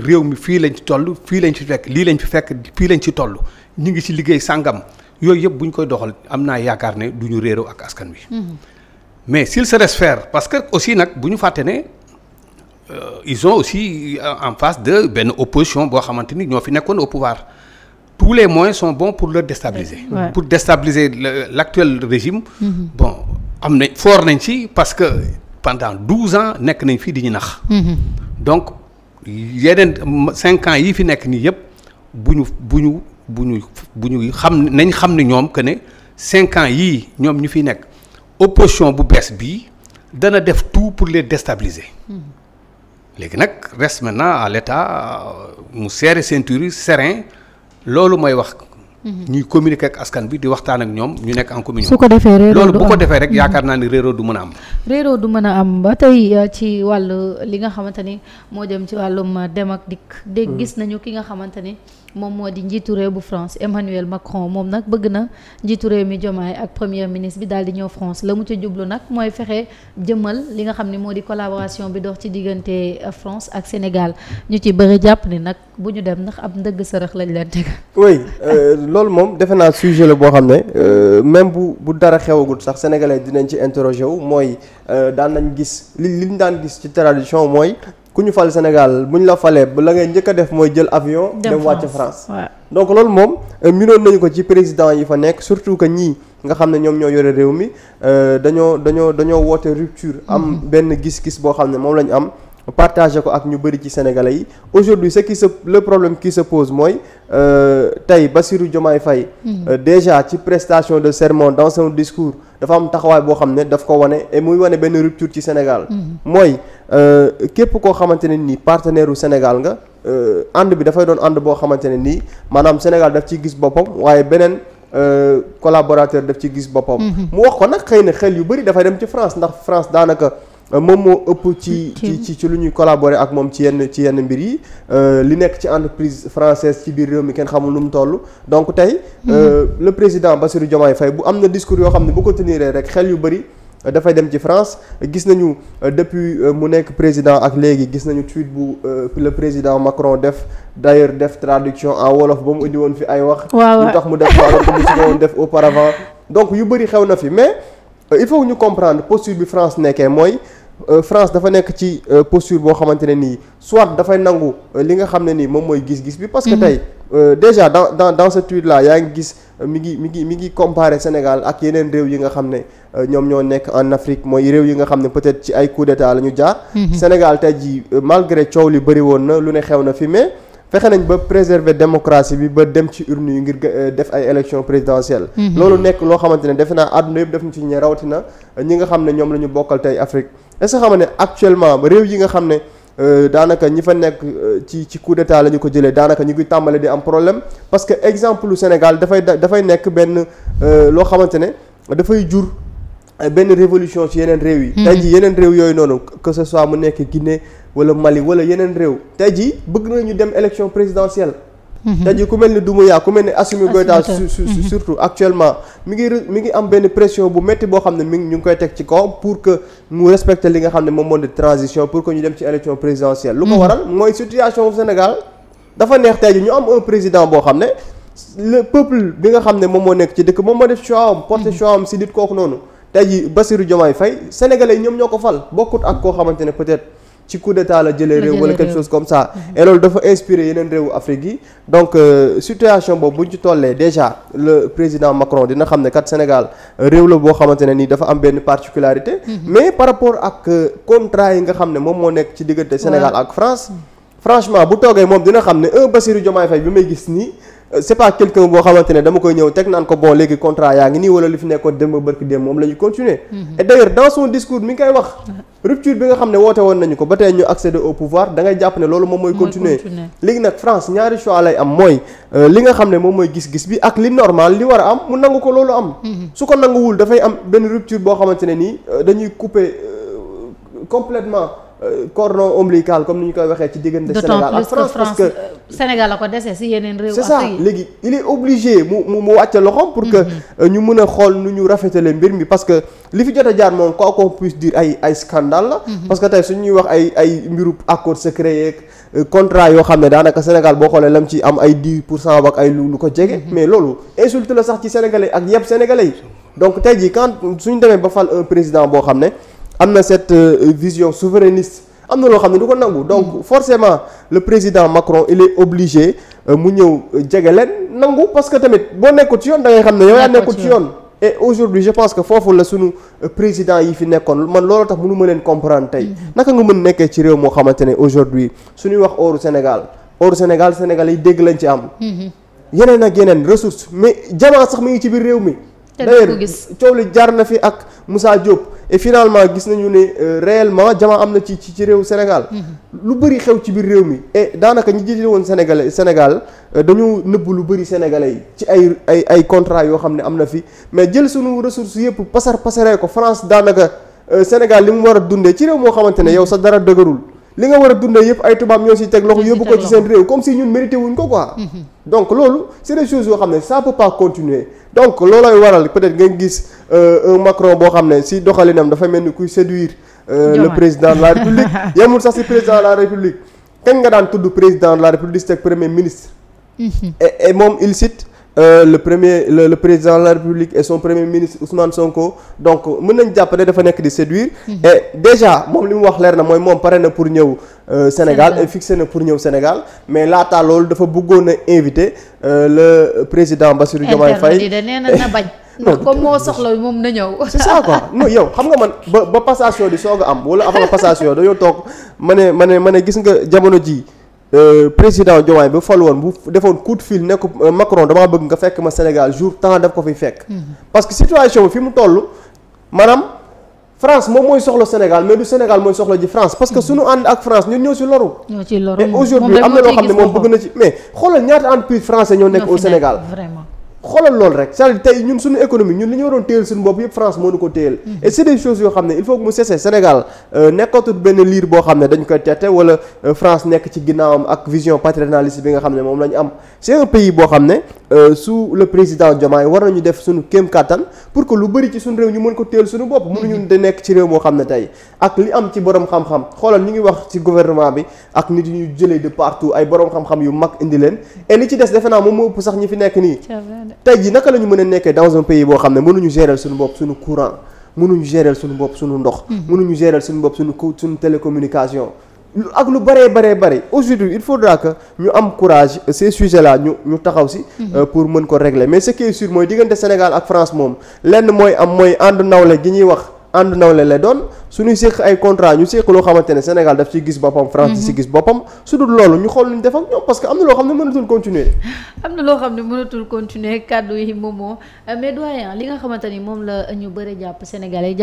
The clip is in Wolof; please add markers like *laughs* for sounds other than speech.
réew mi fii lañ ci toll fii lañ ci fekk lii lañ fi fekk fii lañ ci toll ñu ngi ci liggéey sàngam yooyu yëpp bu ñu koy doxal am naa yaakaar ne duñu ñu réeroo ak askan wi. Mhm. mais s'il se laisse faire parce que aussi nag bu ñu fàtte ne euh, ils ont aussi euh, en face de benn opposition boo xamante ni ñoo fi nekkoon au pouvoir tous les moyens sont bons pour le déstabiliser. pour déstabiliser l'actuel régime. Mmh. bon am na fort nañ ci parce que pendant douze ans nekk nañ fii di nax. Mhm. yeneen cinq ans yii fi nekk nii yëpp bu ñu bu ñu bu ñu bu ñu xam nañ xam ne ñoom que ne cinq yii ñoom ñu fi nekk opposition bu bees bii dana def tout pour les déstabiliser hmm. léegi nag reste maintenant à l'état euh, mu serrer ceinture serein loolu mooy wax Mhm. ñuy communiquer ak askan bi di waxtaan ak ñoom ñu nekk en communion. su ko defee réeroo loolu bu ko defee rek mhm. yaakaar naa ni réeroo du mën a am. réeroo du mën a am ba tey euh, ci wàllu li nga xamante ni moo jëm ci wàllum euh, dem ak dikk. dégg hmm. gis nañu ki nga xamante ni moom moo di njiitu réew bu France Emmanuel Macron moom nag bëgg na njiitu réew mi Diomaye ak premier ministre bi daal di ñëw France la mu ca jublu nag mooy fexe jëmal li nga xam ni moo di collaboration bi dox ci diggante euh, France ak Sénégal ñu ci bëri jàpp nag bu ñu dem ndax ab ndëgg sërëx lañ leen teg. *laughs* loolu moom defe naa sujet la boo xam ne euh, même bu bu dara xewagul sax sénégalais dinañ ci interroger wu mooy euh, daan nañ gis li li ñu daan gis ci tradition mooy ku ñu fal Sénégal bu ñu la falee la ngay njëkk a def mooy jël avion. dem wàcc France donc loolu moom euh, minoon nañu ko ci président yi fa nekk surtout que ñii nga xam ne ñoom ñoo yore réew mi dañoo dañoo dañoo woote rupture. am mm-hmm. benn gis-gis boo xam ne moom la ñu am. partagé ko ak ñu bëri ci sénégalais yi aujourd'hui ce qui se le problème qui se pose mooy euh, tey Bassirou Diomaye fay hmm. euh, déjà ci prestation de serment dans son discours dafa am taxawaay boo xam ne daf ko wane et muy wane benn rupture ci Sénégal hmm. mooy euh, képp koo xamante ne nii partenaire u Sénégal nga ànd bi dafay doon ànd boo xamante ne nii maanaam Sénégal daf ci gis boppam waaye beneen Euh, collaborateur daf ci gis boppam. Hmm. mu wax ko nag xëy ne xel yu bari dafay dem ci France ndax France daanaka Euh, moom moo ëpp ci ci ci lu ñuy collaborer ak moom ci yenn ci yenn mbir yi euh, li nekk ci entreprise française ci biir réew mi kenn xamul nu mu toll donc tey mhm. euh, le président Bassirou Diomaye Faye bu am na discours yoo xam ne bu ko teniree rek xel yu bëri dafay dem ci France gis nañu depuis mu nekk président ak léegi gis nañu tweet bu le président Macron def d'ailleurs def traduction en wolof ba mu indi woon fi ay wax lu tax mu def ko alors que mu si woon def auparavant donc yu bëri xew na fi mais Euh, il faut ñu comprendre posture bi France nekkee mooy euh, France dafa nekk ci euh, posture boo xamante ne nii soit dafay nangu li nga xam ne nii moom mooy gis-gis bi. parce que mhm. tey déjà dans dans dans ce tweet là yaa ngi gis mi ngi mi ngi mi ngi comparer Sénégal ak yeneen réew yi nga xam ne ñoom ñoo nekk en Afrique mooy réew yi nga xam ne peut-être ci ay coup d'état la ñu jaar. Mhm. Sénégal tey ji malgré coow li bëri woon na lu ne xew na fi mais. fexe nañ ba préserver démocratie bi ba dem ci urne yi ngir euh, def ay élection présidentielle mhm. loolu nekk loo xamante ne defe naa àdduna yëpp def ñu ci ñe rawatina euh, ñi nga xam ne ñoom la ñu bokkal tey Afrique est-ce que xam réew yi nga xam ne euh, daanaka ñi fa nekk ci ci coup la ñu ko jëlee daanaka ñu ngi tàmbale di am problème parce que exemple lu Sénégal dafay dafay nekk benn loo xamante ne dafay jur benn révolution ci yeneen réew yi. Mhm. tey jii yeneen réew yooyu noonu que ce soit mu nekk Guinée. wala Mali wala yeneen réew tey jii bëgg nañu dem élection présidentielle. tey jii ku mel ni Doumbouya ku mel ni Assimi Goïta mhm. surtout actuellement mi ngi mi ngi am benn pression bu métti boo xam ne mi ngi ñu ngi koy teg ci kawam pour que mu respecte li nga xam ne moom moo di transition pour que ñu dem ci élection présidentielle. lu ko mhm. waral mooy situation Sénégal dafa neex tey ñu am un président boo xam ne le peuple bi nga xam ne moom moo nekk ci dëkk moom moo def choix am porté mhm. choix am si nit kooku noonu tey jii ñoom ñoo ko fal bokkut ak koo xamante ne peut-être. ci coup d'état la jëlee réew wala quelque chose comme ça mm-hmm. et dafa inspiré yeneen réewu Afrique yi donc euh, situation boobu buñ ci tollee déjà le président Macron dina xam ne kat Sénégal euh, réew la boo xamante ne nii dafa am benn particularité mm-hmm. mais par rapport ak euh, contrat yi nga xam ne moom moo nekk ci diggante Sénégal ak France franchement bu toogee moom dina xam ne un Bassirou Diomaye Faye bi may gis nii c'est pas quelqu'un boo xamante ne dama koy ñëw teg naan ko bon léegi contrat yaa ngi nii wala li fi nekkoon démb moom la ñu continuer mm-hmm. rupture bi nga xam ne woote woon nañu ko ba tey ñu accéder au pouvoir da jàpp ne loolu moom mooy continuer léegi nag France ñaari choix lay am mooy euh, li nga xam ne moom mooy gis-gis bi ak li normal li war a am mu nangu ko loolu am mhm. su ko nanguwul dafay am benn rupture boo xamante ne nii euh, dañuy couper euh, complètement cordon ombilical comme ni ñu koy waxee ci diggante Sénégal ak France parce que euh, Sénégal la ko dese si yeneen réew. c'est ça léegi il mu mu mu wàcce loxoom pour que mhm. euh, ñu mën a xool nu ñu rafetale mbir mi parce que li fi jot a jaar moom quoi qu'on puisse ay ay scandale la. Mhm. que tey su ñuy wax ay ay mbiru accord secret yeeg euh, yoo xam ne daanaka Sénégal boo xoolee lam ci am ay 10 pour cent ak ay lu lu ko jege. Mhm. mais loolu insulte la sax ci sénégalais ak yëpp sénégalais yi. donc tey jii quand suñu demee ba fal président boo xam ne. am na cette euh, vision souverainiste am na loo xam ne du ko nangu donc mm. forcément le président Macron il est obligé euh, mu ñëw euh, jege leen nangu parce que tamit boo nekkul ci yoon da ngay xam ne yow yaa nekkul ci yoon et aujourd'hui je pense que foofu la sunu président yi fi nekkoon man loolu tax mënu ma leen comprendre tey mm. naka nga mën nekkee ci réew moo xamante ne aujourd'hui suñuy wax ooru Sénégal ooru Sénégal Sénégal yi dégg lañ ci am mm-hmm. yeneen ak yeneen ressources mais jamaa sax mi ngi ci biir réew mi d'ailleurs coow na fi ak Moussa Diop et finalement gis nañu ne euh, réellement jamaa am na ci ci réew Sénégal. Mm-hmm. lu bëri xew ci biir réew mi e daanaka ñi jiite woon Sénégal Sénégal euh, dañu nëbb lu bëri sénégalais yi ci ay ay ay contrat yoo xam ne am na fi mais jël sunu ressources yëpp pasar pasaree ko France daanaka euh, Sénégal li mu war a dundee ci réew moo xamante ne yow sa dara dëgërul. li nga war a dundee yëpp ay tubaab ñoo si teg loxo yóbbu ko ci seen réew comme si ñun mérité wuñ ko quoi mhm. donc loolu c'est des yoo xam ne saa peut pas continuer donc loolooy waral peut nga gis euh, un Macron boo xam ne si doxalinam dafa mel ni kuy séduire euh, le président de la République *laughs* yemul sax si président la République ken nga daan tudd président de la République teg premier ministre mhm. et moom il cite Euh, le premier le, président de la République et son premier ministre Ousmane Sonko donc mën nañ jàpp dafa nekk di séduire mhm. et déjà moom li mu wax leer na mooy moom pare na pour ñëw euh, Sénégal et fixé na pour ñëw Sénégal mais laata loolu dafa bëggoon a invité euh, le président Bassirou Diomaye Faye *laughs* non comme moo soxla moom na ñëw. c'est ça quoi *laughs* non yow xam nga man ba ba passation di soog a am wala avant passation dañoo toog ma ne ma ne ma ne gis nga jamono ji Euh, président Diomaye ba fal woon bu defoon coup de nekk euh, Macron damaa bëgg nga fekk ma Sénégal jour temps daf ko fi fekk. Hmm. parce que situation bi fi mu toll maanaam France moom mooy soxla Sénégal mais du Sénégal mooy soxla ji France parce que hmm. suñu ànd ak France ñun ñoo ci loru. aujourd'hui am na loo xam ne moom bëgg na ci mais xoolal ñaata entreprise français ñoo nekk au Sénégal. xoolal loolu rek cest tey ñun suñu économie ñun li ñu waroon téyel suñu bopp yëpp France moo ñu ko téyel mm-hmm. et c'est des choses yoo xam ne il faut que mu cesse Sénégal euh, nekkatul benn liir boo xam ne dañ koy tette wala euh, France nekk ci ginnaawam ak vision paternaliste bi nga xam ne moom la am c'est un boo xam ne Euh, su le président Diomaye war nañu def suñu kéem kàttan pour que lu bari ci suñu réew ñu mën ko téel suñu bopp mënuñu di nekk ci réew moo xam ne tey ak li am ci borom xam-xam xoolal ñu ngi wax ci gouvernement bi ak nit ñu jëlee de partout ay borom xam-xam yu mag indi leen et li ci des defe naa moom moo ëpp sax ñi fi nekk nii tey ji naka la ñu mën a nekkee dans pays boo xam ne mënuñu gérer suñu bopp suñu courant mënuñu gérer suñu bopp suñu ndox mm-hmm. mënuñu gérer suñu bopp suñu suñu télécommunication ak lu bëree bëree bëri aujourd'hui il faudra que ñu am courage ces sujets là ñu ñu taxaw si mhm. euh, pour mën ko régler mais ce qui est sûr mooy diggante Sénégal ak France moom lenn mooy am mooy ànd nawle gi ñuy wax ànd nawle la doon suñuy séq ay contrat ñu séq loo xamante ne Sénégal daf ci gis boppam France di si mhm. gis boppam su dul loolu ñu xool lu ñu def ak ñoom parce que am na loo xam ne mënatul continuer *laughs* am na loo xam ne mënatul continuer kàddu yi moomoo euh, li nga xamante ni moom la ñu bëri jàpp Sénégalais